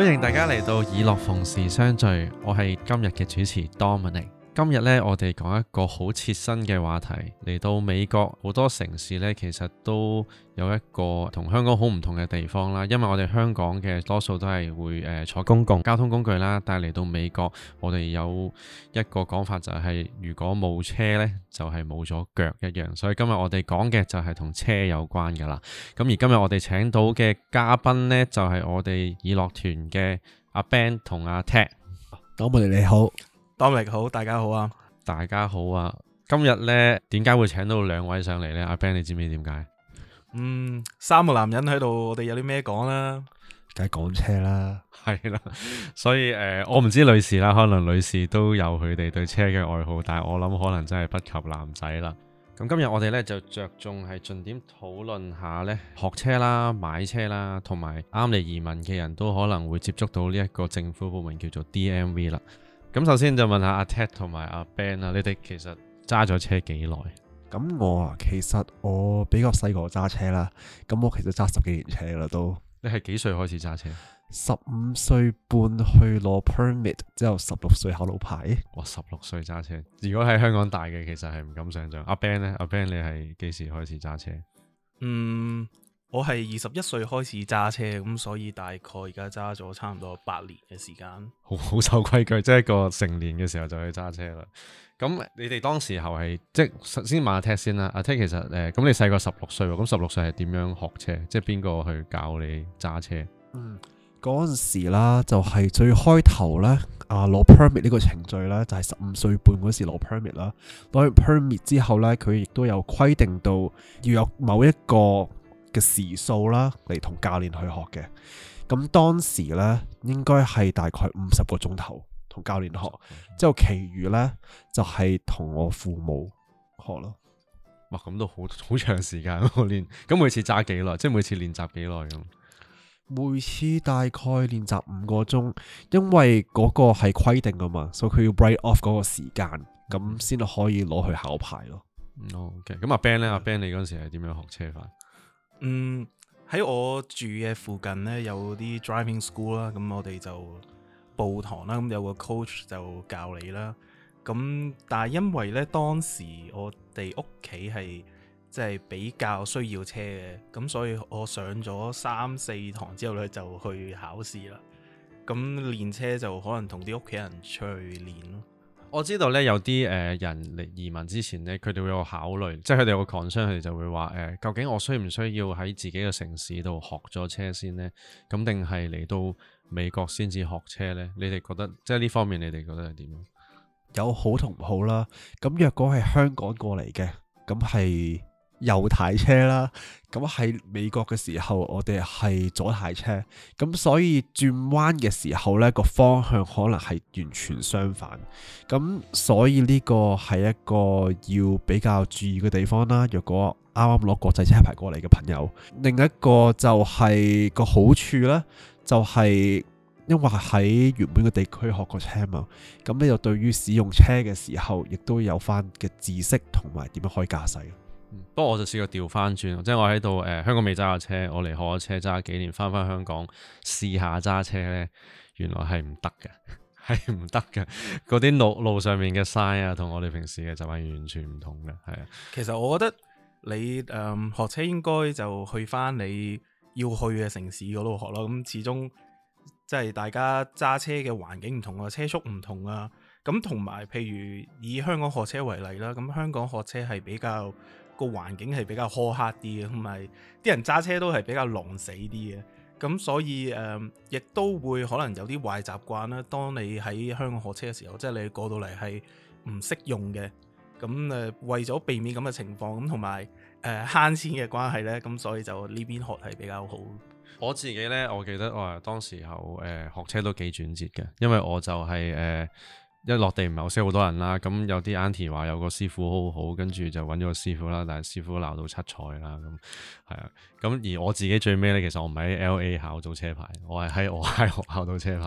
歡迎大家嚟到以樂逢時相聚，我係今日嘅主持 Dominic。Domin 今日咧，我哋講一個好切身嘅話題。嚟到美國好多城市咧，其實都有一個同香港好唔同嘅地方啦。因為我哋香港嘅多數都係會誒、呃、坐公共交通工具啦，但係嚟到美國，我哋有一個講法就係、是，如果冇車咧，就係冇咗腳一樣。所以今日我哋講嘅就係同車有關噶啦。咁而今日我哋請到嘅嘉賓咧，就係、是、我哋以樂團嘅阿 Ben 同阿 Ted。咁我哋你好。Domanic 好，大家好啊！大家好啊！今日咧，點解會請到兩位上嚟呢？阿 Ben，你知唔知點解？嗯，三個男人喺度，我哋有啲咩講啦？梗係講車啦，係啦。 所以誒、呃，我唔知女士啦，可能女士都有佢哋對車嘅愛好，但係我諗可能真係不及男仔啦。咁今日我哋咧就着重係盡點討論下咧，學車啦、買車啦，同埋啱嚟移民嘅人都可能會接觸到呢一個政府部門叫做 D M V 啦。咁首先就問下阿 Ted 同埋阿 Ben 啊，你哋其實揸咗車幾耐？咁我啊，其實我比較細個揸車啦，咁我其實揸十幾年車啦都。你係幾歲開始揸車？十五歲半去攞 permit，之後十六歲考到牌，我十六歲揸車。如果喺香港大嘅，其實係唔敢想象。阿、啊、Ben 呢？阿、啊、Ben 你係幾時開始揸車？嗯。我係二十一歲開始揸車咁，所以大概而家揸咗差唔多八年嘅時間。好好守規矩，即、就、係、是、一個成年嘅時候就去揸車啦。咁你哋當時候係即係先問阿 Ted 先啦。阿、啊、Ted 其實誒，咁、呃、你細個十六歲喎，咁十六歲係點樣學車？即係邊個去教你揸車？嗯，嗰陣時啦，就係、是、最開頭咧，啊攞 permit 呢個程序咧，就係十五歲半嗰時攞 permit 啦。攞完 permit 之後咧，佢亦都有規定到要有某一個。嘅時數啦，嚟同教練去學嘅。咁當時呢，應該係大概五十個鐘頭同教練學，之後其餘呢，就係、是、同我父母學咯。哇，咁都好好長時間，我練。咁每次揸幾耐？即係每次練習幾耐咁？每次大概練習五個鐘，因為嗰個係規定噶嘛，所以佢要 break off 嗰個時間，咁先可以攞去考牌咯。OK，咁阿 Ben 呢？阿 Ben 你嗰時係點樣學車法？嗯，喺我住嘅附近呢，有啲 driving school 啦，咁我哋就報堂啦，咁有個 coach 就教你啦。咁但係因為呢，當時我哋屋企係即係比較需要車嘅，咁所以我上咗三四堂之後呢，就去考試啦。咁練車就可能同啲屋企人去練咯。我知道咧有啲誒人嚟移民之前咧，佢哋會有考慮，即係佢哋有個 concern，佢哋就會話誒，究竟我需唔需要喺自己嘅城市度學咗車先咧？咁定係嚟到美國先至學車咧？你哋覺得即係呢方面，你哋覺得係點？有好同唔好啦。咁若果係香港過嚟嘅，咁係。右軚車啦，咁喺美國嘅時候，我哋係左軚車，咁所以轉彎嘅時候呢個方向可能係完全相反，咁所以呢個係一個要比較注意嘅地方啦。若果啱啱攞國際車牌過嚟嘅朋友，另一個就係個好處啦，就係因為喺原本嘅地區學過車嘛。咁你就對於使用車嘅時候，亦都有翻嘅知識同埋點樣開駕駛。嗯、不過我就試過調翻轉，即、就、係、是、我喺度誒，香港未揸過車，我嚟學咗車揸幾年，翻翻香港試下揸車呢，原來係唔得嘅，係唔得嘅。嗰啲路路上面嘅 sign 啊，同我哋平時嘅就係完全唔同嘅，係啊。其實我覺得你誒、嗯、學車應該就去翻你要去嘅城市嗰度學咯，咁始終即係大家揸車嘅環境唔同啊，車速唔同啊，咁同埋譬如以香港學車為例啦，咁香港學車係比較。個環境係比較苛刻啲嘅，同埋啲人揸車都係比較狼死啲嘅，咁所以誒亦都會可能有啲壞習慣啦。當你喺香港學車嘅時候，即係你過到嚟係唔識用嘅，咁誒為咗避免咁嘅情況，咁同埋誒慳錢嘅關係呢，咁所以就呢邊學係比較好。我自己呢，我記得我當時候誒學車都幾轉折嘅，因為我就係誒。一落地唔係好識好多人啦，咁有啲 aunty 話有個師傅好好，跟住就揾咗個師傅啦。但係師傅鬧到七彩啦，咁係啊。咁而我自己最尾呢，其實我唔喺 L A 考到車牌，我係喺我喺學校考到車牌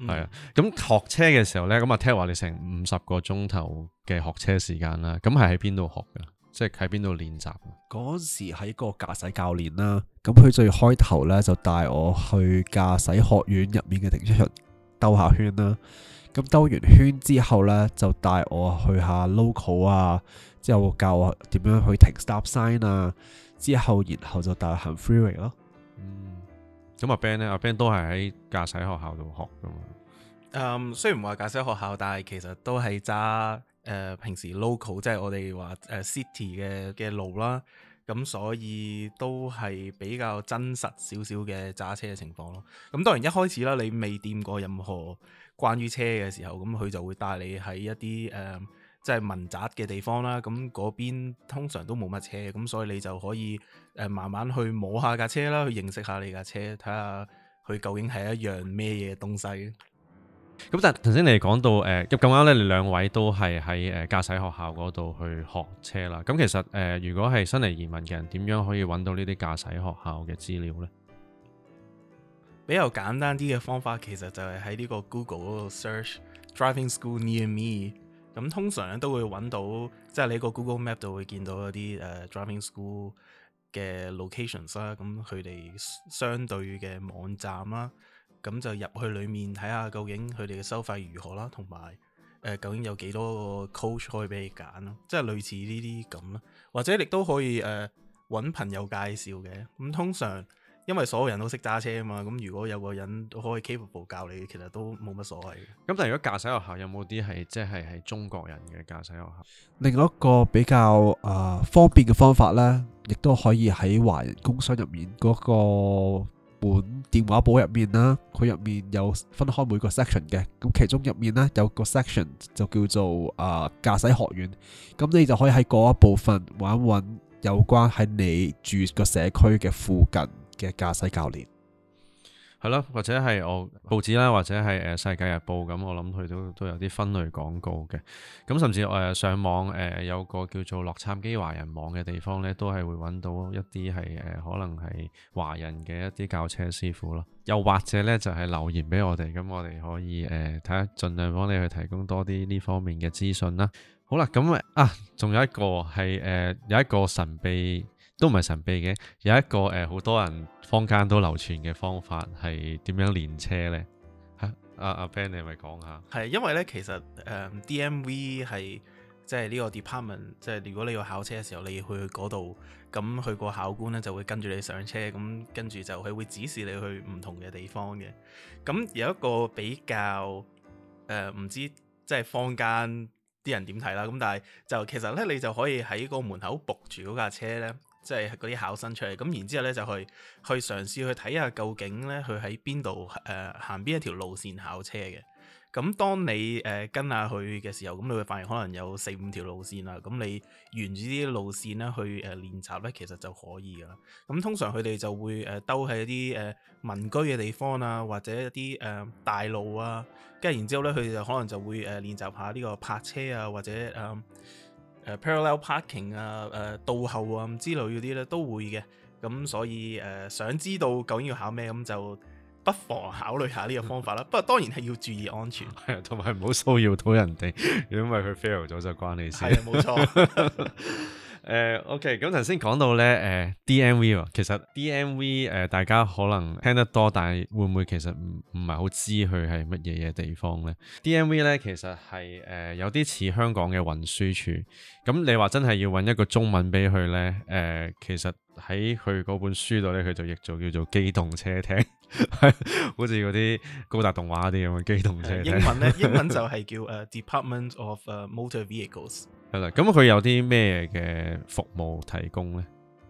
係啊。咁、嗯、學車嘅時候呢，咁阿 Ted 話你成五十個鐘頭嘅學車時間啦，咁係喺邊度學噶？即係喺邊度練習？嗰時喺個駕駛教練啦，咁佢最開頭呢就帶我去駕駛學院入面嘅停車場兜下圈啦。咁兜完圈之後呢，就帶我去下 local 啊，之後我教我點樣去停 stop sign 啊，之後然後就帶行 freeway 咯。啊。嗯，咁阿 Ben 呢，阿 Ben 都係喺駕駛學校度學㗎嘛。誒，um, 雖然話駕駛學校，但係其實都係揸誒平時 local，即係我哋話誒 city 嘅嘅路啦。咁所以都係比較真實少少嘅揸車嘅情況咯。咁當然一開始啦，你未掂過任何。關於車嘅時候，咁佢就會帶你喺一啲誒，即、呃、係、就是、文宅嘅地方啦。咁嗰邊通常都冇乜車，咁所以你就可以誒、呃，慢慢去摸下架車啦，去認識下你架車，睇下佢究竟係一樣咩嘢東西。咁、嗯、但係頭先你講到誒，咁啱咧，你兩位都係喺誒駕駛學校嗰度去學車啦。咁其實誒、呃，如果係新嚟移民嘅人，點樣可以揾到呢啲駕駛學校嘅資料咧？比較簡單啲嘅方法其實就係喺呢個 Google 嗰度 Search Driving School Near Me，咁通常咧都會揾到，即係你個 Google Map 就會見到嗰啲誒 Driving School 嘅 locations 啦，咁佢哋相對嘅網站啦，咁就入去裡面睇下究竟佢哋嘅收費如何啦，同埋、呃、究竟有幾多個 Coach 可以俾你揀咯，即係類似呢啲咁啦，或者你都可以誒揾、uh, 朋友介紹嘅，咁通常。因為所有人都識揸車啊嘛，咁如果有個人都可以 capable 教你，其實都冇乜所謂嘅。咁但係如果駕駛學校有冇啲係即係係中國人嘅駕駛學校？另外一個比較誒、呃、方便嘅方法呢，亦都可以喺華人工商入面嗰、那個本電話簿入面啦。佢入面有分開每個 section 嘅，咁其中入面呢有個 section 就叫做誒、呃、駕駛學院，咁你就可以喺嗰一部分揾揾有關喺你住個社區嘅附近嘅駕駛教練，係咯，或者係我報紙啦，或者係誒《世界日報》咁，我諗佢都都有啲分類廣告嘅。咁甚至誒上網誒、呃，有個叫做洛杉磯華人網嘅地方呢都係會揾到一啲係誒可能係華人嘅一啲教車師傅咯。又或者呢，就係、是、留言俾我哋，咁我哋可以誒睇下，盡量幫你去提供多啲呢方面嘅資訊啦。好啦，咁啊，仲有一個係誒、呃、有一個神秘。都唔係神秘嘅，有一個誒，好、呃、多人坊間都流傳嘅方法係點樣練車呢？吓、啊？阿、啊、阿 Ben，你係咪講下？係因為呢，其實誒、呃、DMV 係即係呢個 department，即係如果你要考車嘅時候，你要去嗰度，咁佢個考官呢就會跟住你上車，咁跟住就係會指示你去唔同嘅地方嘅。咁有一個比較誒，唔、呃、知即係坊間啲人點睇啦。咁但係就其實呢，你就可以喺個門口泊住嗰架車呢。即係嗰啲考生出嚟，咁然之後咧就去去嘗試去睇下究竟咧佢喺邊度誒行邊一條路線考車嘅。咁當你誒、呃、跟下去嘅時候，咁你會發現可能有四五條路線啦。咁你沿住啲路線咧去誒、呃、練習咧，其實就可以噶啦。咁通常佢哋就會誒兜喺啲誒民居嘅地方啊，或者一啲誒、呃、大路啊，跟住然之後咧佢哋就可能就會誒、呃、練習下呢個泊車啊，或者誒、呃誒 parallel parking 啊、uh,、誒倒後啊之類嗰啲咧都會嘅，咁所以誒、uh, 想知道究竟要考咩，咁就不妨考慮下呢個方法啦。 不過當然係要注意安全，同埋唔好騷擾到人哋，如果因為佢 fail 咗就關你事。係 啊，冇錯。 誒、uh,，OK，咁頭先講到咧，誒，DMV 啊，DMV, 其實 DMV 誒、呃，大家可能聽得多，但係會唔會其實唔唔係好知佢係乜嘢嘢地方咧？DMV 咧其實係誒、呃、有啲似香港嘅運輸處，咁、嗯、你話真係要搵一個中文俾佢咧，誒、呃，其實喺佢嗰本書度咧，佢就譯做叫做機動車廳， 好似嗰啲高達動畫啲咁嘅機動車。Uh, 英文咧， 英文就係叫誒、uh, Department of、uh, Motor Vehicles。係啦，咁佢、嗯、有啲咩嘅服務提供呢？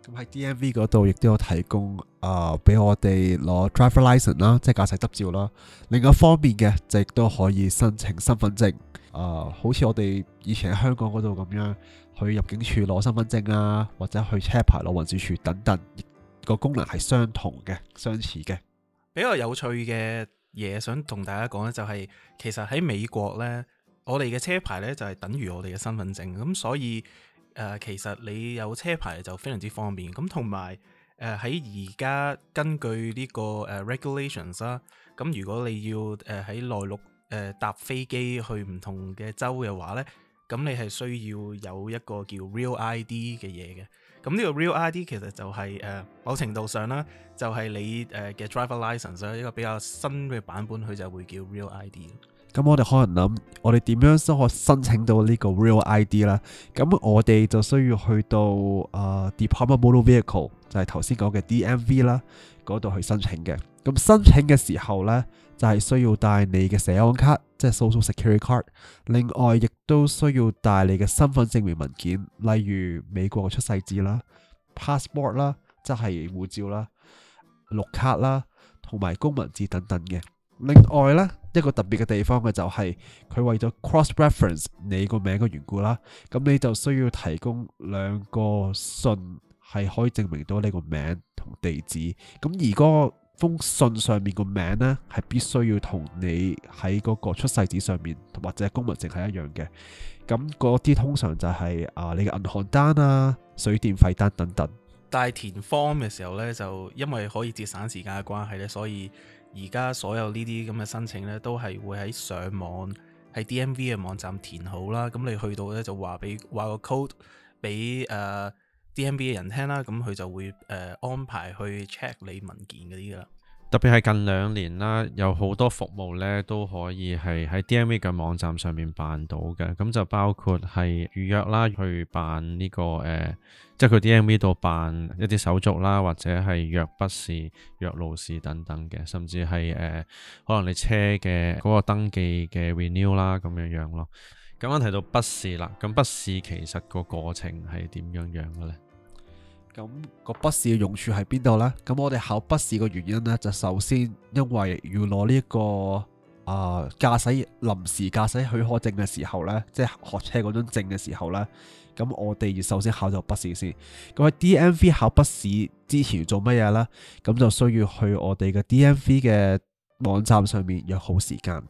咁喺 DMV 嗰度亦都有提供，啊、呃，俾我哋攞 driver license 啦，即係駕駛執照啦。另一方面嘅，就亦都可以申請身份證。啊、呃，好似我哋以前喺香港嗰度咁樣，去入境處攞身份證啦，或者去車牌攞運輸處等等，個功能係相同嘅、相似嘅。比較有趣嘅嘢，想同大家講咧、就係，就係其實喺美國呢。我哋嘅車牌呢，就係、是、等於我哋嘅身份證，咁、嗯、所以誒、呃、其實你有車牌就非常之方便。咁同埋誒喺而家根據呢、這個誒 regulations 啦，咁、呃啊、如果你要誒喺內陸誒搭飛機去唔同嘅州嘅話呢，咁、嗯、你係需要有一個叫 Real ID 嘅嘢嘅。咁、嗯、呢、這個 Real ID 其實就係、是、誒、呃、某程度上啦、啊，就係、是、你誒嘅 driver license 啦，一個比較新嘅版本，佢就會叫 Real ID。咁我哋可能諗，我哋點樣先可申請到呢個 Real ID 啦？咁我哋就需要去到啊、呃、Department Motor Vehicle，就係頭先講嘅 DMV 啦，嗰度去申請嘅。咁申請嘅時候呢，就係、是、需要帶你嘅社安卡，即係 Social Security Card。另外，亦都需要帶你嘅身份證明文件，例如美國嘅出世紙啦、passport 啦，即係護照啦、綠卡啦，同埋公民證等等嘅。另外呢一個特別嘅地方嘅就係佢為咗 cross reference 你個名嘅緣故啦，咁你就需要提供兩個信係可以證明到你個名同地址，咁而嗰封信上面個名呢，係必須要同你喺嗰個出世紙上面或者公文證係一樣嘅，咁嗰啲通常就係啊你嘅銀行單啊、水電費單等等。但係填 form 嘅時候呢，就因為可以節省時間嘅關係呢，所以。而家所有呢啲咁嘅申請咧，都係會喺上網喺 DMV 嘅網站填好啦。咁你去到咧就話俾話個 code 俾誒、呃、DMV 嘅人聽啦，咁佢就會誒、呃、安排去 check 你文件嗰啲噶啦。特別係近兩年啦，有好多服務咧都可以係喺 D.M.V 嘅網站上面辦到嘅，咁就包括係預約啦，去辦呢、這個誒、呃，即係佢 D.M.V 度辦一啲手續啦，或者係約筆試、約路試等等嘅，甚至係誒、呃、可能你車嘅嗰個登記嘅 renew 啦咁樣這樣咯。咁啱提到筆試啦，咁筆試其實個過程係點樣樣嘅咧？咁、那個筆試嘅用處喺邊度呢？咁我哋考筆試嘅原因呢，就首先因為要攞呢一個啊駕駛臨時駕駛許可證嘅時候呢，即係學車嗰張證嘅時候呢，咁我哋要首先考咗筆試先。咁喺 DMV 考筆試之前做乜嘢呢？咁就需要去我哋嘅 DMV 嘅網站上面約好時間，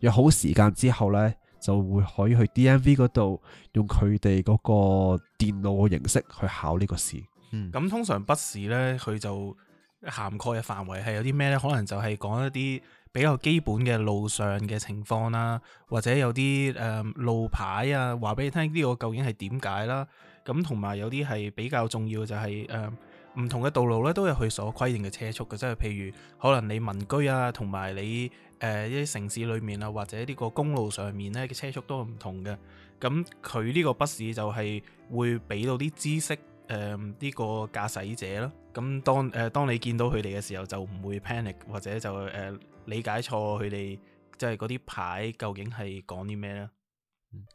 約好時間之後呢，就會可以去 DMV 度用佢哋嗰個電腦嘅形式去考呢個試。咁、嗯、通常筆試呢，佢就涵蓋嘅範圍係有啲咩呢？可能就係講一啲比較基本嘅路上嘅情況啦、啊，或者有啲誒、呃、路牌啊，話俾你聽呢個究竟係點解啦。咁同埋有啲係比較重要嘅、就是，就係誒唔同嘅道路呢，都有佢所規定嘅車速嘅，即係譬如可能你民居啊，同埋你誒一啲城市裏面啊，或者呢個公路上面呢，嘅車速都係唔同嘅。咁佢呢個筆試就係會俾到啲知識。誒，呢、嗯這個駕駛者咯，咁當誒、呃、當你見到佢哋嘅時候，就唔會 panic 或者就誒、呃、理解錯佢哋，即係嗰啲牌究竟係講啲咩啦。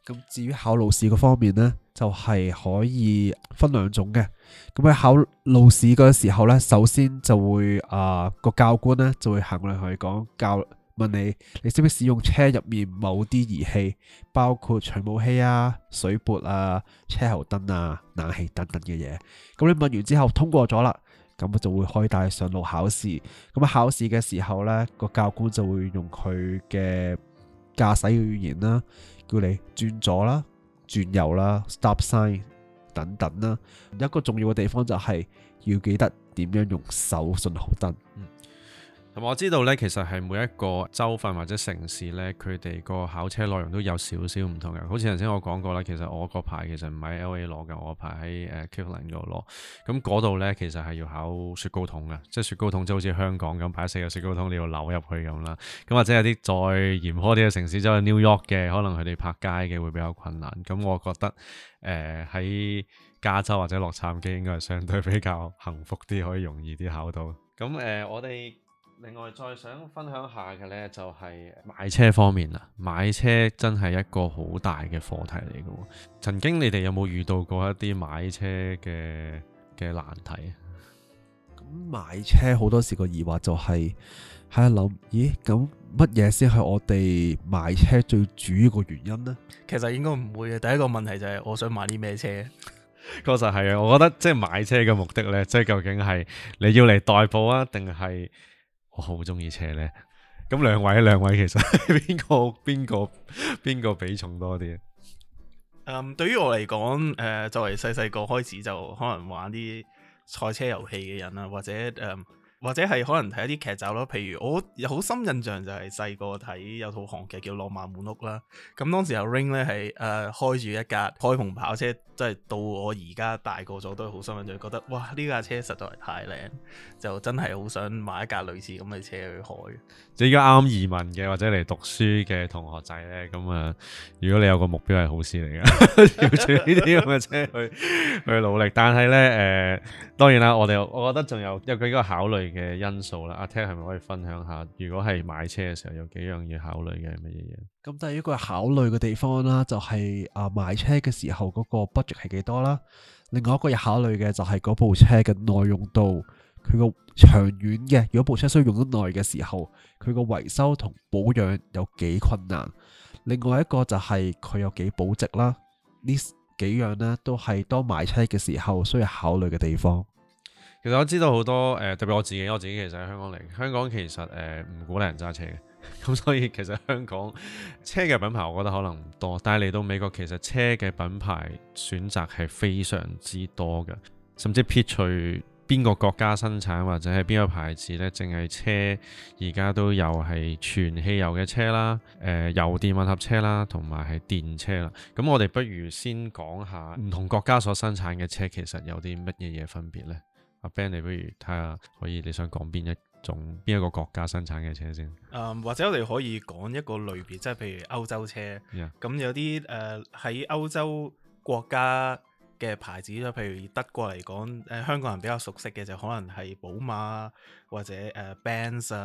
咁、嗯、至於考路試嗰方面呢，就係、是、可以分兩種嘅。咁喺考路試嗰個時候呢，首先就會啊個、呃、教官呢就會衡量去講教。問你，你識唔識使用車入面某啲儀器，包括除霧器啊、水撥啊、車後燈啊、冷氣等等嘅嘢？咁你問完之後通過咗啦，咁我就會開帶上路考試。咁啊，考試嘅時候呢，個教官就會用佢嘅駕駛嘅語言啦，叫你轉左啦、轉右啦、stop sign 等等啦。一個重要嘅地方就係、是、要記得點樣用手信號燈。我知道咧，其實係每一個州份或者城市咧，佢哋個考車內容都有少少唔同嘅。好似頭先我講過啦，其實我個牌其實唔係 L.A. 攞嘅，我個牌喺誒 Cleveland 度攞。咁嗰度咧，其實係要考雪糕筒嘅，即係雪糕筒就好似香港咁，擺四個雪糕筒你要流入去咁啦。咁或者有啲再嚴苛啲嘅城市，走去 New York 嘅，可能佢哋拍街嘅會比較困難。咁我覺得誒喺、呃、加州或者洛杉磯應該係相對比較幸福啲，可以容易啲考到。咁誒、呃，我哋。另外再想分享下嘅呢，就係買車方面啦。買車真係一個好大嘅課題嚟㗎。曾經你哋有冇遇到過一啲買車嘅嘅難題？咁買車好多時個疑惑就係喺度諗，咦？咁乜嘢先係我哋買車最主要個原因呢？其實應該唔會嘅。第一個問題就係我想買啲咩車。確實係啊，我覺得即係買車嘅目的呢，即係究竟係你要嚟代步啊，定係？我好中意車呢。咁兩位兩位其實邊個邊個邊個比重多啲？嗯，對於我嚟講，誒、呃，作為細細個開始就可能玩啲賽車遊戲嘅人啦，或者誒。嗯或者係可能睇一啲劇集咯，譬如我有好深印象就係細個睇有套韓劇叫《浪漫滿屋》啦，咁當時有 Ring 咧係誒、呃、開住一架開篷跑車，即係到我而家大個咗都係好深印象，覺得哇呢架車實在係太靚，就真係好想買一架類似咁嘅車去開。即係而家啱啱移民嘅或者嚟讀書嘅同學仔咧，咁啊，如果你有個目標係好事嚟噶，要住呢啲咁嘅車去 去努力。但係咧誒，當然啦，我哋我覺得仲有有佢一個考慮，嘅因素啦，阿 Ted 係咪可以分享下？如果係買車嘅時候，有幾樣要考慮嘅乜嘢嘢？咁第一個考慮嘅地方啦，就係啊買車嘅時候嗰個 budget 係幾多啦。另外一個要考慮嘅就係嗰部車嘅耐用度，佢個長遠嘅。如果部車需要用得耐嘅時候，佢個維修同保養有幾困難。另外一個就係佢有幾保值啦。呢幾樣呢，都係當買車嘅時候需要考慮嘅地方。其實我知道好多，誒、呃，特別我自己，我自己其實喺香港嚟，香港其實誒唔鼓勵人揸車嘅，咁、 嗯、所以其實香港車嘅品牌，我覺得可能唔多。但係嚟到美國，其實車嘅品牌選擇係非常之多嘅，甚至撇除邊個國家生產或者係邊個牌子呢，淨係車，而家都有係全汽油嘅車啦，誒、呃、油電混合車啦，同埋係電車啦。咁我哋不如先講下唔同國家所生產嘅車，其實有啲乜嘢嘢分別呢？阿 Ben，你不如睇下可以你想講邊一種邊一個國家生產嘅車先。誒、um, 或者我哋可以講一個類別，即係譬如歐洲車。咁 Yeah. 有啲誒喺歐洲國家嘅牌子，即譬如德國嚟講，誒、呃、香港人比較熟悉嘅就可能係寶馬或者誒、呃、Benz、呃、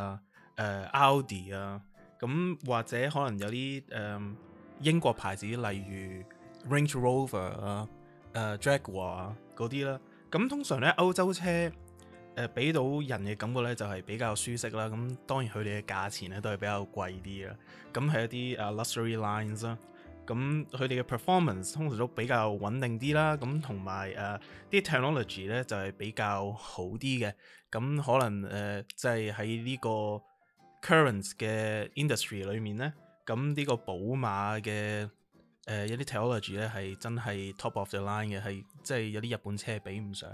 啊、誒 Audi 啊，咁或者可能有啲誒、呃、英國牌子，例如 Range Rover 啊、呃、誒 Jaguar 啊嗰啲啦。咁通常咧，歐洲車誒俾、呃、到人嘅感覺咧，就係、是、比較舒適啦。咁當然佢哋嘅價錢咧都係比較貴啲啦。咁係一啲誒、uh, luxury lines 啦。咁佢哋嘅 performance 通常都比較穩定啲啦。咁同埋誒啲 technology 咧就係、是、比較好啲嘅。咁可能誒即係喺呢個 current 嘅 industry 裏面咧，咁呢個寶馬嘅。誒、呃，有啲 technology 咧係真係 top of the line 嘅，係即係有啲日本車比唔上。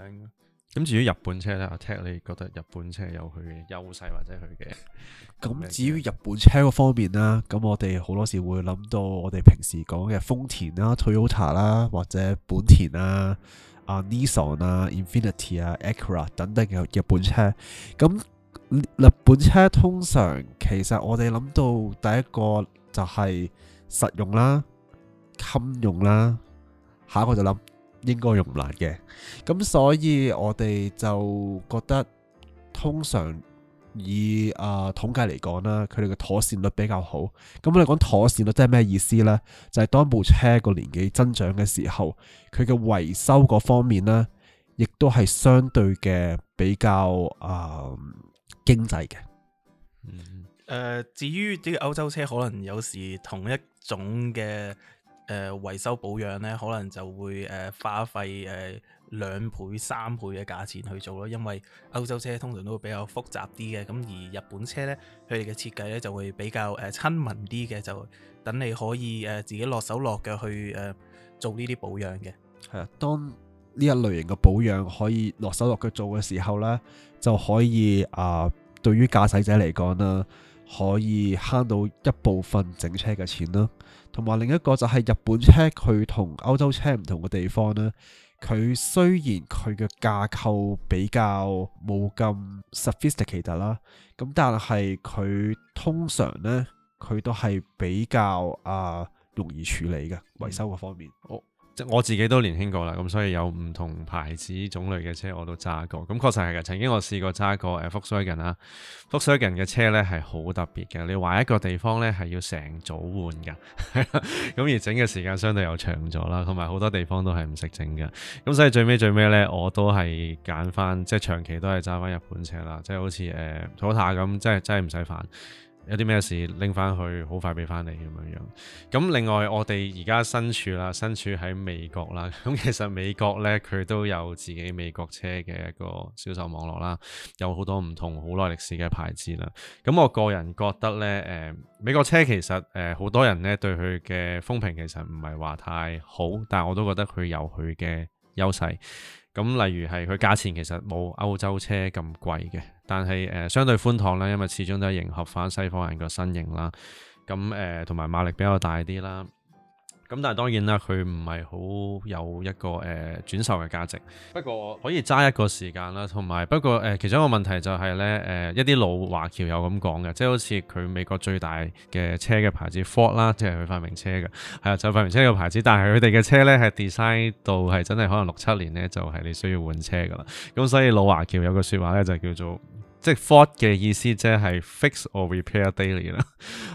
咁至於日本車咧，阿 Ted，你覺得日本車有佢嘅優勢，或者佢嘅？咁至於日本車嗰方面啦，咁我哋好多時會諗到我哋平時講嘅豐田啦、Toyota 啦，或者本田啦、阿、啊、Nissan 啊、Infinity 啊、Acura 等等嘅日本車。咁日本車通常其實我哋諗到第一個就係實用啦。襟用啦，下一個就諗應該用唔爛嘅，咁所以我哋就覺得通常以、啊、呃、統計嚟講啦，佢哋嘅妥善率比較好。咁我哋講妥善率即係咩意思呢？就係、是、當部車個年紀增長嘅時候，佢嘅維修嗰方面呢，亦都係相對嘅比較啊、呃、經濟嘅。嗯，誒、呃，至於啲歐洲車可能有時同一種嘅。誒，維、呃、修保養呢，可能就會誒、呃、花費誒兩倍、三倍嘅價錢去做咯，因為歐洲車通常都會比較複雜啲嘅，咁而日本車呢，佢哋嘅設計呢就會比較誒親民啲嘅，就等你可以誒自己落手落腳去誒做呢啲保養嘅。係啊，當呢一類型嘅保養可以落手落腳做嘅時候呢，就可以啊、呃，對於駕駛者嚟講啦，可以慳到一部分整車嘅錢咯。同埋另一個就係日本車佢同歐洲車唔同嘅地方呢，佢雖然佢嘅架構比較冇咁 sophisticated 啦，咁但係佢通常呢，佢都係比較啊、呃、容易處理嘅維修個方面。嗯哦。即我自己都年輕過啦，咁所以有唔同牌子種類嘅車我都揸過，咁確實係嘅。曾經我試過揸過誒福士華根啦，福士華根嘅車咧係好特別嘅，你話一個地方咧係要成組換㗎，咁 而整嘅時間相對又長咗啦，同埋好多地方都係唔識整㗎，咁所以最尾最尾咧我都係揀翻，即係長期都係揸翻日本車啦，即係好似誒 Toyota 咁，真係真係唔使煩。有啲咩事拎翻去，好快俾翻你咁樣樣。咁另外，我哋而家身處啦，身處喺美國啦。咁其實美國咧，佢都有自己美國車嘅一個銷售網絡啦，有好多唔同好耐歷史嘅牌子啦。咁我個人覺得咧，誒美國車其實誒好多人咧對佢嘅風評其實唔係話太好，但係我都覺得佢有佢嘅優勢。咁例如係佢價錢其實冇歐洲車咁貴嘅，但係、呃、相對寬敞啦，因為始終都係迎合返西方人個身形啦。咁同埋馬力比較大啲啦。咁但係當然啦，佢唔係好有一個誒、呃、轉售嘅價值。不過可以揸一個時間啦，同埋不過誒、呃，其中一個問題就係、是、咧，誒、呃、一啲老華僑有咁講嘅，即係好似佢美國最大嘅車嘅牌子 Ford 啦，即係佢發明車嘅，係啊，就發明車嘅牌子，但係佢哋嘅車咧係 design 到係真係可能六七年咧就係、是、你需要換車㗎啦。咁所以老華僑有個説話咧，就是、叫做。即係 Ford 嘅意思，即係 fix or repair daily 啦，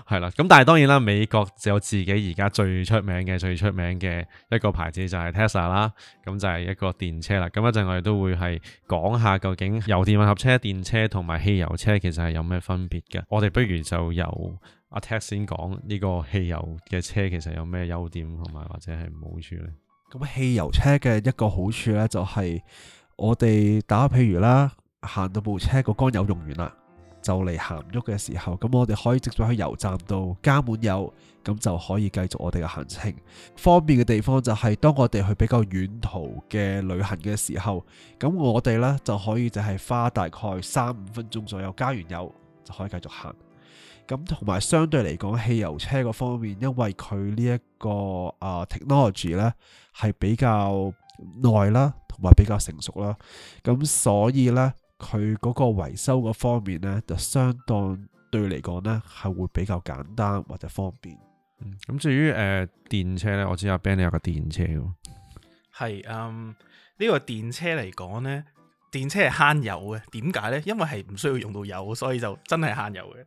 係 啦。咁但係當然啦，美國就有自己而家最出名嘅、最出名嘅一個牌子就係 Tesla 啦，咁就係一個電車啦。咁一陣我哋都會係講下究竟油電混合車、電車同埋汽油車其實係有咩分別嘅。我哋不如就由阿 Ted 先講呢個汽油嘅車其實有咩優點同埋或者係唔好處咧。咁汽油車嘅一個好處咧，就係我哋打譬如啦。行到部車，個乾油用完啦，就嚟行唔喐嘅時候，咁我哋可以直接去油站度加滿油，咁就可以繼續我哋嘅行程。方便嘅地方就係、是，當我哋去比較遠途嘅旅行嘅時候，咁我哋呢就可以就係花大概三五分鐘左右加完油就可以繼續行。咁同埋相對嚟講，汽油車個方面，因為佢呢一個啊、uh, technology 呢係比較耐啦，同埋比較成熟啦，咁所以呢。佢嗰個維修個方面咧，就相對嚟講咧，係會比較簡單或者方便。嗯，咁至於誒、呃、電車咧，我知阿 Ben 你有個電車喎。係，嗯，呢個電車嚟講咧，電車係慳油嘅。點解咧？因為係唔需要用到油，所以就真係慳油嘅。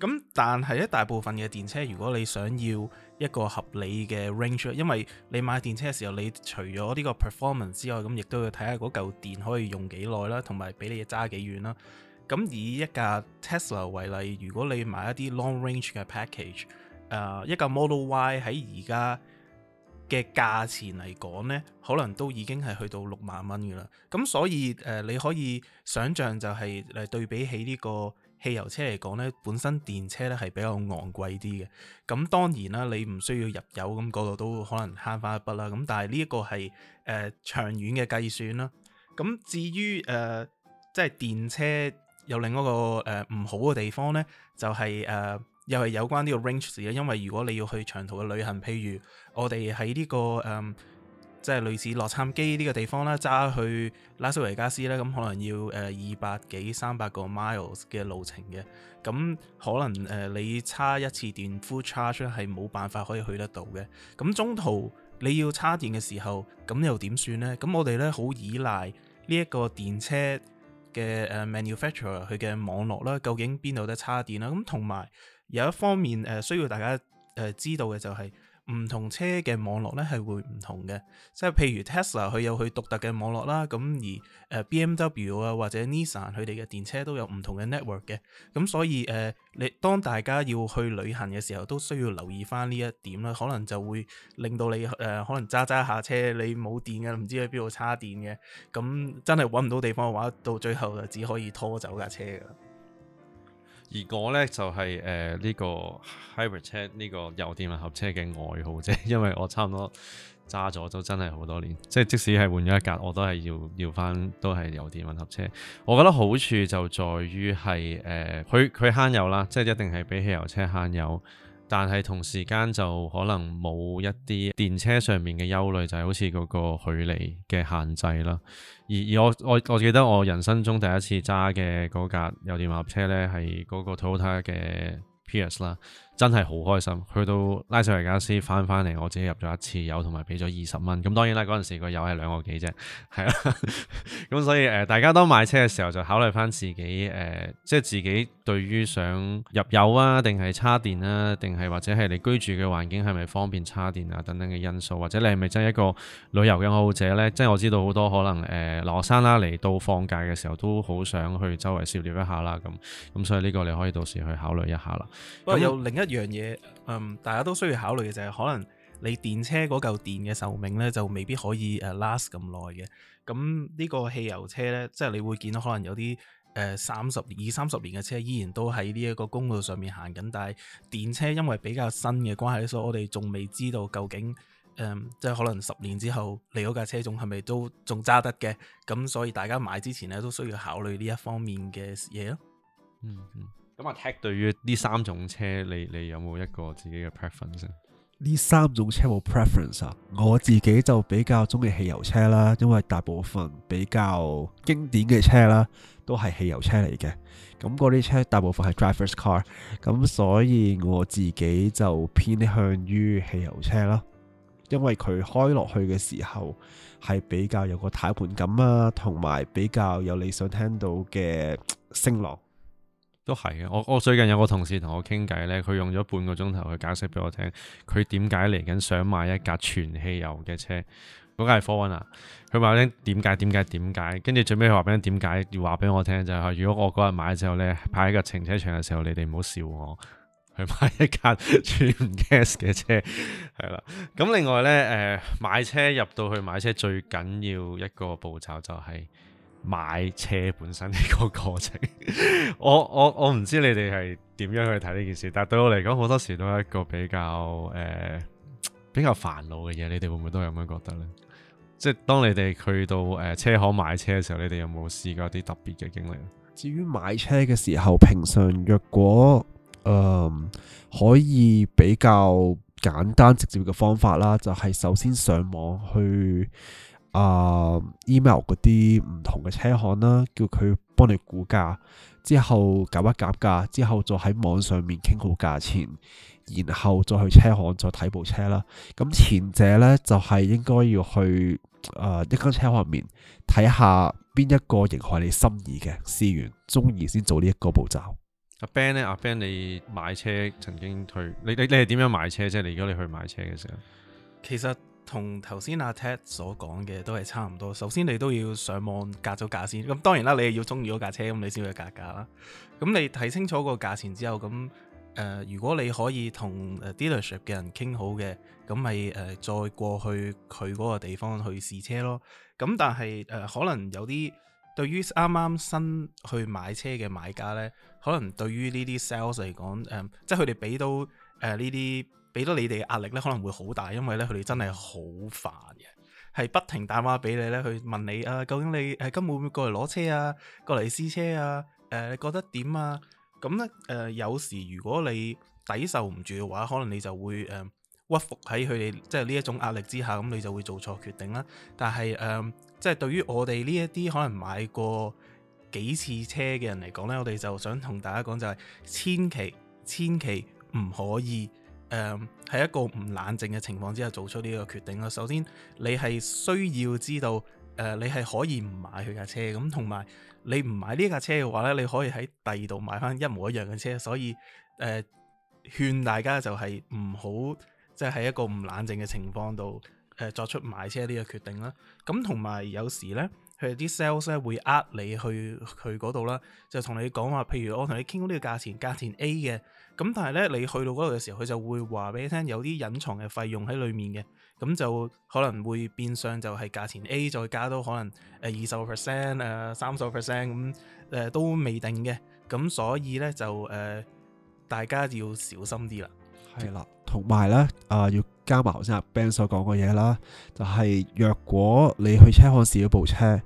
咁但係一大部分嘅電車，如果你想要一個合理嘅 range，因為你買電車嘅時候，你除咗呢個 performance 之外，咁亦都要睇下嗰嚿電可以用幾耐啦，同埋俾你揸幾遠啦。咁以一架 Tesla 為例，如果你買一啲 long range 嘅 package，誒、呃、一架 Model Y 喺而家嘅價錢嚟講呢，可能都已經係去到六萬蚊嘅啦。咁所以誒、呃，你可以想象就係誒對比起呢、這個汽油車嚟講呢，本身電車呢係比較昂貴啲嘅。咁當然啦，你唔需要入油，咁個個都可能慳翻一筆啦。咁但係呢一個係誒、呃、長遠嘅計算啦。咁至於誒、呃、即係電車有另一個誒唔、呃、好嘅地方呢，就係、是、誒、呃、又係有關呢個 range 嘅，因為如果你要去長途嘅旅行，譬如我哋喺呢個誒。呃即係類似洛杉磯呢個地方啦，揸去拉斯維加斯咧，咁可能要誒二百幾三百個 miles 嘅路程嘅，咁可能誒你叉一次電 full charge 係冇辦法可以去得到嘅，咁中途你要叉電嘅時候，咁又點算呢？咁我哋咧好依賴呢一個電車嘅誒 manufacturer 佢嘅網絡啦，究竟邊度得叉電啦？咁同埋有一方面誒需要大家誒知道嘅就係、是。唔同車嘅網絡咧係會唔同嘅，即係譬如 Tesla 佢有佢獨特嘅網絡啦，咁而誒 BMW 啊或者 Nissan 佢哋嘅電車都有唔同嘅 network 嘅，咁所以誒你、呃、當大家要去旅行嘅時候，都需要留意翻呢一點啦，可能就會令到你誒、呃、可能揸揸下車你冇電嘅，唔知喺邊度叉電嘅，咁真係揾唔到地方嘅話，到最後就只可以拖走架車噶。而我呢，就係誒呢個 hybrid 車，呢個油電混合車嘅愛好者，因為我差唔多揸咗都真係好多年，即係即使係換咗一格，我都係要要翻都係油電混合車。我覺得好處就在於係誒，佢佢慳油啦，即係一定係比汽油車慳油。但係同時間就可能冇一啲電車上面嘅憂慮，就係、是、好似嗰個距離嘅限制啦。而而我我我記得我人生中第一次揸嘅嗰架油電混合車呢係嗰個 Toyota 嘅 Prius 啦。真係好開心，去到拉斯維加斯翻翻嚟，我自己入咗一次油同埋俾咗二十蚊。咁當然啦，嗰陣時個油係兩個幾啫，係啦、啊。咁 所以誒、呃，大家都買車嘅時候就考慮翻自己誒、呃，即係自己對於想入油啊，定係叉電啊、定係或者係你居住嘅環境係咪方便叉電啊等等嘅因素，或者你係咪真係一個旅遊嘅愛好者呢？即係我知道好多可能誒，羅、呃、生啦、啊、嚟到放假嘅時候都好想去周圍涉獵一下啦、啊。咁咁所以呢個你可以到時去考慮一下啦、啊。有另一一樣嘢，嗯，大家都需要考慮嘅就係、是，可能你電車嗰嚿電嘅壽命咧，就未必可以誒 last 咁耐嘅。咁、嗯、呢、這個汽油車咧，即係你會見到可能有啲誒三十年，二三十年嘅車依然都喺呢一個公路上面行緊，但係電車因為比較新嘅關係，所以我哋仲未知道究竟，誒、嗯，即係可能十年之後，你嗰架車仲係咪都仲揸得嘅？咁、嗯、所以大家買之前咧，都需要考慮呢一方面嘅嘢咯。嗯嗯。咁啊 Ted 對於呢三種車，你你有冇一個自己嘅 preference？呢三種車冇 preference 啊，我自己就比較鍾意汽油車啦，因為大部分比較經典嘅車啦，都係汽油車嚟嘅，咁嗰啲車大部分係 driver's car，咁所以我自己就偏向於汽油車啦，因為佢開落去嘅時候係比較有個軚盤感啊，同埋比較有你想聽到嘅聲浪。都係嘅，我我最近有個同事同我傾偈咧，佢用咗半個鐘頭去解釋俾我聽，佢點解嚟緊想買一架全汽油嘅車，嗰架係科威納，佢話聽點解點解點解，跟住最尾話俾點解，要話俾我聽就係、是，如果我嗰日買咗之後咧，擺喺個停車場嘅時候，你哋唔好笑我，去買一架全 gas 嘅車，係啦，咁另外咧，誒、呃，買車入到去買車最緊要一個步驟就係、是。買車本身呢個過程， 我我我唔知你哋係點樣去睇呢件事，但係對我嚟講，好多時都係一個比較誒、呃、比較煩惱嘅嘢。你哋會唔會都係咁樣覺得呢？即係當你哋去到誒、呃、車行買車嘅時候，你哋有冇試過一啲特別嘅經歷？至於買車嘅時候，平常若果誒、呃、可以比較簡單直接嘅方法啦，就係、是、首先上網去。啊、uh,，email 嗰啲唔同嘅車行啦，叫佢幫你估價，之後夾一夾價，之後再喺網上面傾好價錢，然後再去車行再睇部車啦。咁前者呢，就係應該要去誒、uh, 一間車行入面睇下邊一個型號你心儀嘅，試完中意，先做呢一個步驟。阿 Ben 呢？阿 Ben 你買車曾經去，你你你係點樣買車啫？你如果你去買車嘅時候，其實。同頭先阿 Ted 所講嘅都係差唔多。首先你都要上網格咗價先，咁當然啦，你又要中意嗰架車，咁你先會去格價啦。咁你睇清楚個價錢之後，咁誒如果你可以同誒 dealership 嘅人傾好嘅，咁咪誒再過去佢嗰個地方去試車咯。咁但係誒可能有啲對於啱啱新去買車嘅買家呢，可能對於呢啲 sales 嚟講，誒即係佢哋俾到誒呢啲。俾到你哋嘅壓力咧，可能會好大，因為咧佢哋真係好煩嘅，係不停打電話俾你咧，去問你啊，究竟你係今日會唔會過嚟攞車啊，過嚟試車啊，啊，你覺得點啊？咁咧誒，有時如果你抵受唔住嘅話，可能你就會誒、嗯、屈服喺佢哋，即係呢一種壓力之下，咁你就會做錯決定啦。但係誒，即、嗯、係、就係、對於我哋呢一啲可能買過幾次車嘅人嚟講咧，我哋就想同大家講就係、係，千祈千祈唔可以。誒，喺、嗯、一個唔冷靜嘅情況之下做出呢個決定啦。首先，你係需要知道，誒、呃，你係可以唔買佢、嗯、架車咁，同埋你唔買呢架車嘅話呢，你可以喺第二度買返一模一樣嘅車。所以，誒、呃，勸大家就係唔好即係喺一個唔冷靜嘅情況度誒作出買車呢個決定啦。咁同埋有時呢，佢哋啲 sales 咧會呃你去去嗰度啦，就同你講話，譬如我同你傾過呢個價錢，價錢 A 嘅。咁但係咧，你去到嗰度嘅時候，佢就會話俾你聽有啲隱藏嘅費用喺裏面嘅，咁就可能會變相就係價錢 A 再加多可能誒二十個 percent，誒三十個 percent 咁誒都未定嘅，咁所以咧就誒大家要小心啲啦。係啦，同埋咧啊，要加埋頭先阿 Ben 所講嘅嘢啦，就係若果你去車行試咗部車，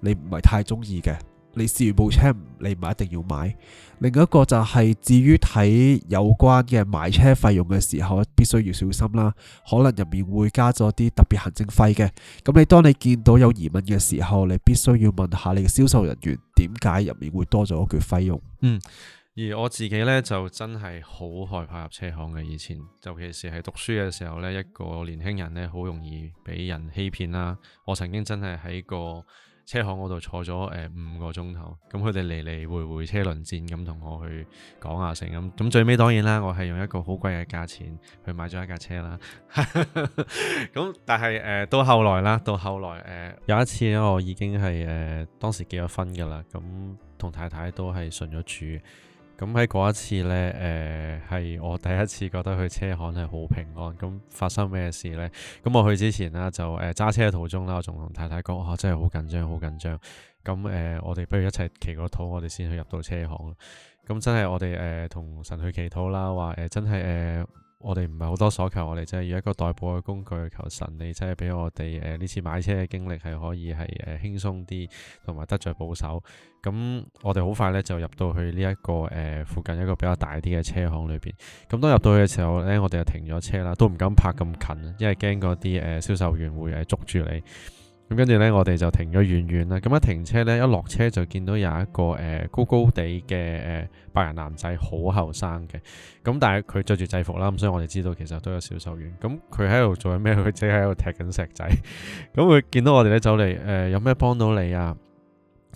你唔係太中意嘅。你試完部車，你唔係一定要買。另一個就係、是，至於睇有關嘅買車費用嘅時候，必須要小心啦。可能入面會加咗啲特別行政費嘅。咁你當你見到有疑問嘅時候，你必須要問下你嘅銷售人員點解入面會多咗一橛費用。嗯，而我自己呢，就真係好害怕入車行嘅。以前，尤其是係讀書嘅時候呢，一個年輕人呢，好容易俾人欺騙啦。我曾經真係喺個。車行嗰度坐咗誒五個鐘頭，咁佢哋嚟嚟回回車輪戰咁同我去講下成咁。咁最尾當然啦，我係用一個好貴嘅價錢去買咗一架車啦。咁 但係誒到後來啦，到後來誒、呃、有一次咧，我已經係誒、呃、當時結咗婚㗎啦，咁同太太都係順咗主。咁喺嗰一次呢，誒、呃、係我第一次覺得去車行係好平安。咁發生咩事呢？咁我去之前啦，就誒揸、呃、車嘅途中啦，我仲同太太講：哇、啊，真係好緊張，好緊張。咁誒、呃，我哋不如一齊祈個禱，我哋先去入到車行。咁真係我哋誒同神去祈禱啦，話誒、呃、真係誒。呃我哋唔係好多所求，我哋只係要一個代步嘅工具。求神，你真係俾我哋誒呢次買車嘅經歷係可以係誒輕鬆啲，同埋得著保守。咁我哋好快咧就入到去呢一個誒附近一個比較大啲嘅車行裏邊。咁當入到去嘅時候咧，我哋就停咗車啦，都唔敢拍咁近，因為驚嗰啲誒銷售員會誒捉住你。咁跟住咧，我哋就停咗遠遠啦。咁一停車咧，一落車就見到有一個誒、呃、高高地嘅誒白人男仔，好後生嘅。咁但係佢着住制服啦，咁所以我哋知道其實都有銷售員。咁佢喺度做緊咩？佢即係喺度踢緊石仔。咁佢見到我哋咧走嚟，誒、呃，有咩幫到你啊？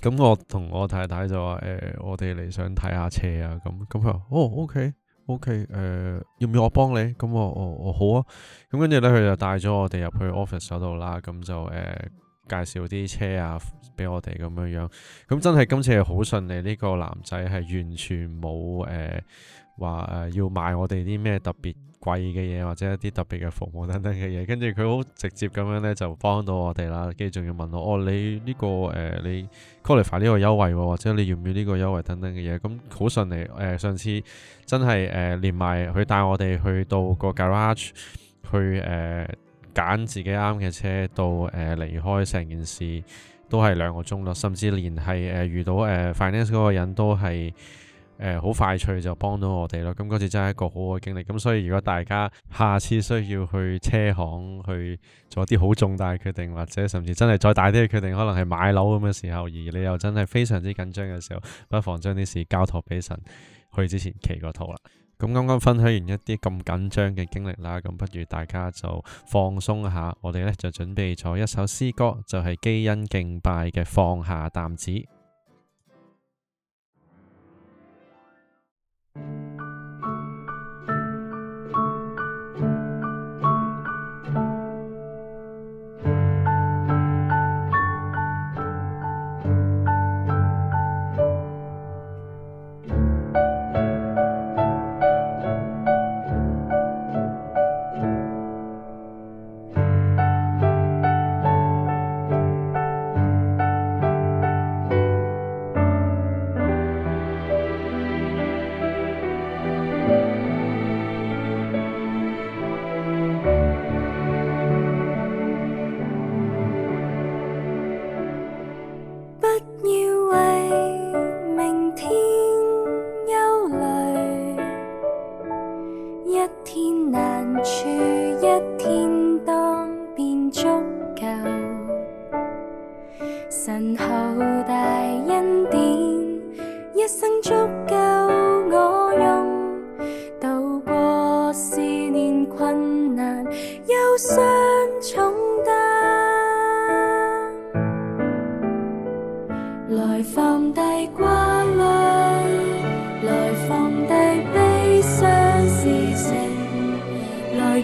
咁我同我太太就話誒、呃，我哋嚟想睇下車啊。咁咁佢話：哦，OK，OK，okay, okay, 誒、呃，要唔要我幫你？咁我我我、哦哦、好啊。咁跟住咧，佢就帶咗我哋入去 office 嗰度啦。咁就誒。介紹啲車啊，俾我哋咁樣樣，咁真係今次係好順利。呢、這個男仔係完全冇誒話誒要買我哋啲咩特別貴嘅嘢，或者一啲特別嘅服務等等嘅嘢。跟住佢好直接咁樣咧，就幫到我哋啦。跟住仲要問我，哦，你呢、這個誒、呃、你 qualify 呢個優惠，啊，或者你要唔要呢個優惠等等嘅嘢。咁好順利誒、呃，上次真係誒、呃、連埋佢帶我哋去到個 garage 去誒。呃揀自己啱嘅車到誒離、呃、開成件事都係兩個鐘咯，甚至連係誒、呃、遇到誒、呃、finance 嗰個人都係誒好快脆就幫到我哋咯。咁嗰次真係一個好好嘅經歷。咁所以如果大家下次需要去車行去做啲好重大決定，或者甚至真係再大啲嘅決定，可能係買樓咁嘅時候，而你又真係非常之緊張嘅時候，不妨將啲事交託俾神去之前祈個禱啦。咁剛剛分享完一啲咁緊張嘅經歷啦，咁不如大家就放鬆一下，我哋呢就準備咗一首詩歌，就係、是、基因敬拜嘅放下擔子。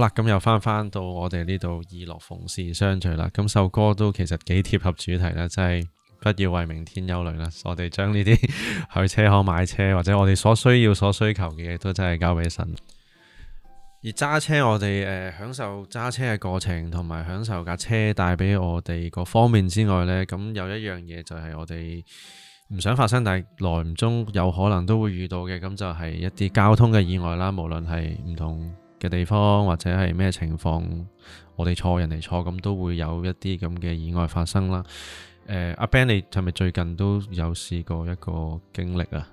好啦，咁又翻翻到我哋呢度以樂逢事相聚啦。咁、嗯、首歌都其實幾貼合主題啦，真係不要為明天憂慮啦。我哋將呢啲去車行買車或者我哋所需要所需求嘅嘢都真係交俾神。而揸車我哋誒、呃，享受揸車嘅過程，同埋享受架車帶俾我哋各方面之外呢，咁有一樣嘢就係我哋唔想發生，但係耐唔中有可能都會遇到嘅，咁就係一啲交通嘅意外啦。無論係唔同。嘅地方或者係咩情況，我哋錯，人哋錯，咁都會有一啲咁嘅意外發生啦。誒、呃，阿 Ben，你係咪最近都有試過一個經歷啊？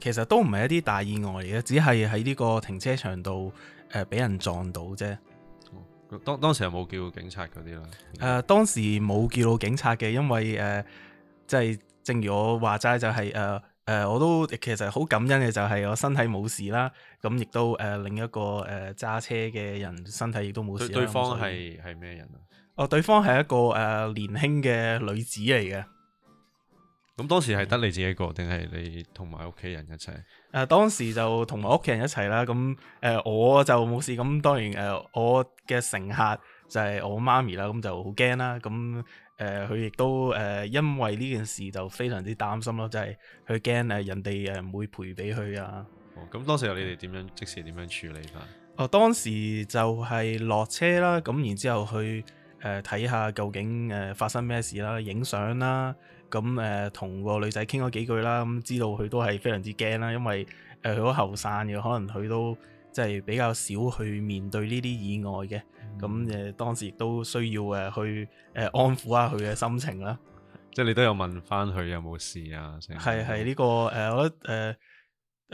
其實都唔係一啲大意外嚟嘅，只係喺呢個停車場度誒俾人撞到啫、哦。當當時冇叫警察嗰啲啦。誒、呃，當時冇叫到警察嘅，因為誒，即、呃、係、就係、正如我話齋、就係，就係誒。誒、呃，我都其實好感恩嘅，就係我身體冇事啦，咁亦都誒、呃、另一個誒揸車嘅人身體亦都冇事對。對方係係咩人啊？哦，對方係一個誒、呃、年輕嘅女子嚟嘅。咁、嗯、當時係得你自己一個，定係你同埋屋企人一齊？誒、呃，當時就同埋屋企人一齊啦。咁、嗯、誒、呃，我就冇事。咁當然誒、呃，我嘅乘客就係我媽咪啦。咁、嗯、就好驚啦。咁、嗯。誒，佢、呃、亦都誒、呃，因為呢件事就非常之擔心咯，就係佢驚誒人哋誒唔會賠俾佢啊。哦，咁當時你哋點樣即時點樣處理法？哦，當時、呃、當時就係落車啦，咁然之後去誒睇下究竟誒發生咩事啦，影相啦，咁誒同個女仔傾咗幾句啦，咁知道佢都係非常之驚啦，因為誒佢好後生嘅，可能佢都即係比較少去面對呢啲意外嘅。咁誒、嗯嗯、當時亦都需要誒去誒安撫下佢嘅心情啦， 即係你都有問翻佢有冇事啊？係係呢個誒、這個、我覺得誒誒、呃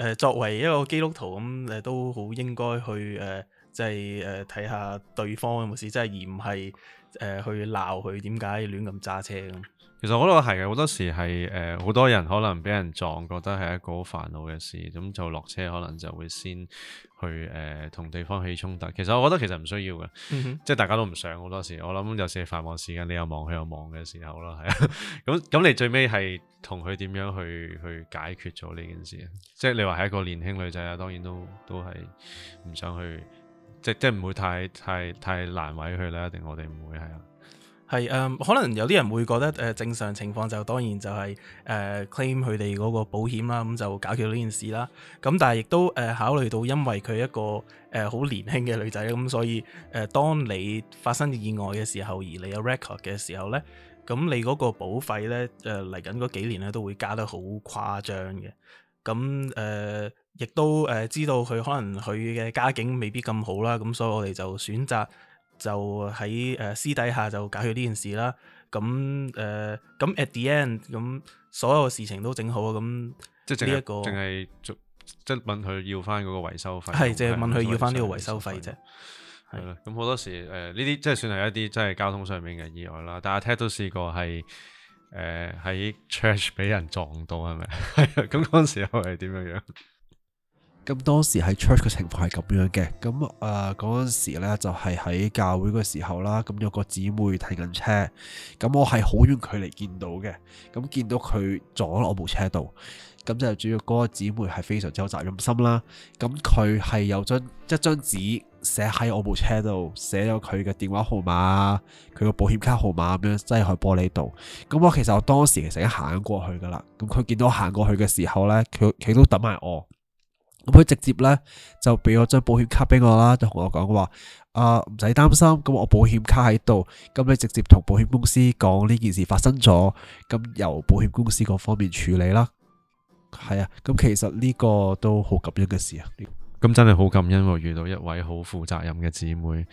呃、作為一個基督徒咁誒、呃、都好應該去誒。呃即係誒睇下對方有冇事，即係而唔係誒去鬧佢點解亂咁揸車咁。其實我覺得係嘅，好多時係誒好多人可能俾人撞，覺得係一個好煩惱嘅事，咁就落車可能就會先去誒同對方起衝突。其實我覺得其實唔需要嘅，嗯、哼即係大家都唔想好多時。我諗有時繁忙時間你又忙佢又忙嘅時候啦，係啊。咁咁你最尾係同佢點樣去去解決咗呢件事啊？即係你話係一個年輕女仔啊，當然都都係唔想去。即係唔會太太太難為佢啦，定我哋唔會係啊？係誒、呃，可能有啲人會覺得誒、呃、正常情況就當然就係、是、誒、呃、claim 佢哋嗰個保險啦，咁、嗯、就解決呢件事啦。咁、嗯、但係亦都誒、呃、考慮到因為佢一個誒好、呃、年輕嘅女仔咁、嗯，所以誒、呃、當你發生意外嘅時候，而你有 record 嘅時候咧，咁、嗯、你嗰個保費咧誒嚟緊嗰幾年咧都會加得好誇張嘅。咁、嗯、誒。呃亦都誒知道佢可能佢嘅家境未必咁好啦，咁所以我哋就選擇就喺誒私底下就解決呢件事啦。咁誒咁 at the end 咁所有事情都整好咁、這個、即係呢一個淨係即係問佢要翻嗰個維修費，係淨係問佢要翻呢個維修費啫。係啦的，咁好的多時誒呢啲即係算係一啲即係交通上面嘅意外啦。但阿 Ted 都試過係誒喺 Church 俾人撞到係咪？係啊，咁嗰陣時候係點樣樣？ 咁當時喺 church 嘅情況係咁樣嘅，咁啊嗰陣時呢就係喺教會嘅、呃時，就是、時候啦，咁有個姊妹睇緊車，咁我係好遠距離見到嘅，咁見到佢撞咗我部車度，咁就主要嗰個姊妹係非常之有責任心啦，咁佢係有張一張紙寫喺我部車度，寫咗佢嘅電話號碼、佢個保險卡號碼咁樣擠喺、就是、玻璃度，咁我其實我當時成日行過去噶啦，咁佢見到我行過去嘅時候呢，佢佢都等埋我。咁佢直接咧就俾我張保險卡俾我啦，就同我講話：啊、呃，唔使擔心，咁我保險卡喺度，咁你直接同保險公司講呢件事發生咗，咁由保險公司嗰方面處理啦。係啊，咁其實呢個都好感恩嘅事啊，咁真係好感恩、啊、遇到一位好負責任嘅姊妹，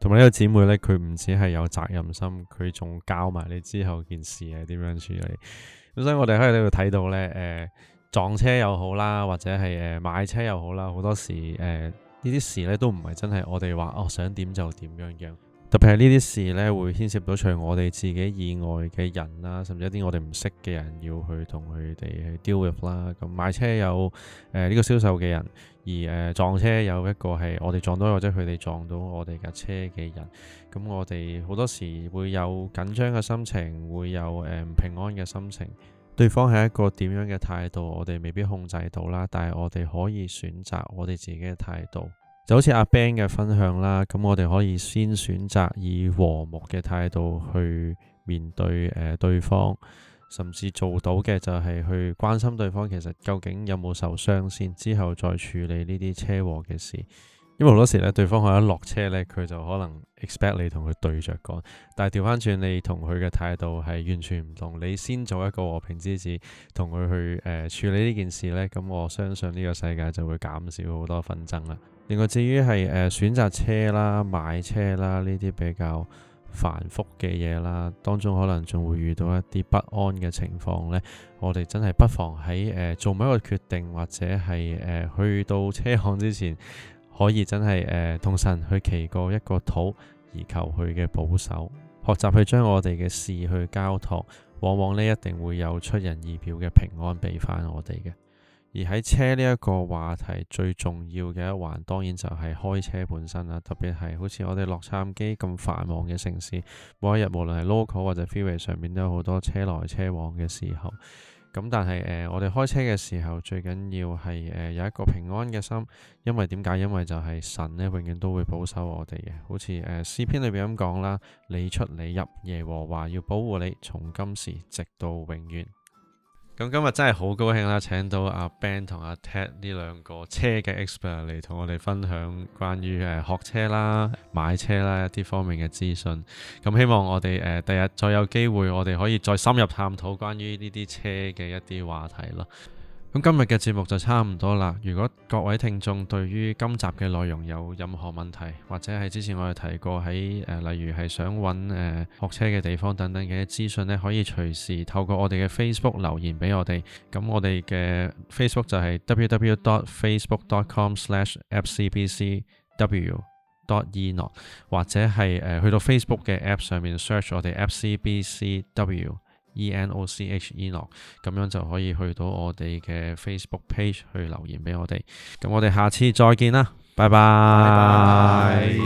同埋呢個姊妹呢，佢唔止係有責任心，佢仲教埋你之後件事係點樣處理。咁所以我哋可以喺度睇到呢，誒、呃。撞車又好啦，或者係誒買車又好啦，好多時誒、呃、呢啲事咧都唔係真係我哋話哦想點就點樣樣。特別係呢啲事咧會牽涉到除我哋自己以外嘅人啦，甚至一啲我哋唔識嘅人要去同佢哋去 deal with 啦、啊。咁買車有誒呢、呃這個銷售嘅人，而誒、呃、撞車有一個係我哋撞到或者佢哋撞到我哋架車嘅人。咁、啊嗯、我哋好多時會有緊張嘅心情，會有誒唔、呃、平安嘅心情。對方係一個點樣嘅態度，我哋未必控制到啦，但係我哋可以選擇我哋自己嘅態度，就好似阿 Ben 嘅分享啦，咁我哋可以先選擇以和睦嘅態度去面對誒對方，甚至做到嘅就係去關心對方其實究竟有冇受傷先，之後再處理呢啲車禍嘅事。因為好多時咧，對方係一落車咧，佢就可能 expect 你同佢對着講。但係調翻轉，你同佢嘅態度係完全唔同。你先做一個和平之子，同佢去誒、呃、處理呢件事咧，咁我相信呢個世界就會減少好多紛爭啦。另外，至於係誒、呃、選擇車啦、買車啦呢啲比較繁複嘅嘢啦，當中可能仲會遇到一啲不安嘅情況咧。我哋真係不妨喺誒、呃、做某一個決定，或者係誒、呃、去到車行之前。可以真係誒、呃，同神去祈過一個禱，而求佢嘅保守，學習去將我哋嘅事去交託，往往呢一定會有出人意表嘅平安俾翻我哋嘅。而喺車呢一個話題，最重要嘅一環當然就係開車本身啦，特別係好似我哋洛杉磯咁繁忙嘅城市，每一日無論係 local 或者 freeway 上面都有好多車來車往嘅時候。咁但係誒、呃，我哋開車嘅時候最緊要係誒、呃、有一個平安嘅心，因為點解？因為就係神咧，永遠都會保守我哋嘅，好似誒、呃、詩篇裏邊咁講啦，你出你入，耶和華要保護你，從今時直到永遠。咁今日真係好高興啦，請到阿 Ben 同阿 Ted 呢兩個車嘅 expert 嚟同我哋分享關於誒學車啦、買車啦一啲方面嘅資訊。咁希望我哋誒第日再有機會，我哋可以再深入探討關於呢啲車嘅一啲話題咯。咁今日嘅節目就差唔多啦。如果各位聽眾對於今集嘅內容有任何問題，或者係之前我哋提過喺誒、呃，例如係想揾誒、呃、學車嘅地方等等嘅資訊咧，可以隨時透過我哋嘅 Facebook 留言俾我哋。咁我哋嘅 Facebook 就係 www.facebook.com/fcbcw.enoch，或者係誒去到 Facebook 嘅 App 上面 search 我哋 fcbcw E N O C H E 諾，咁樣就可以去到我哋嘅 Facebook page 去留言俾我哋。咁我哋下次再見啦，拜拜。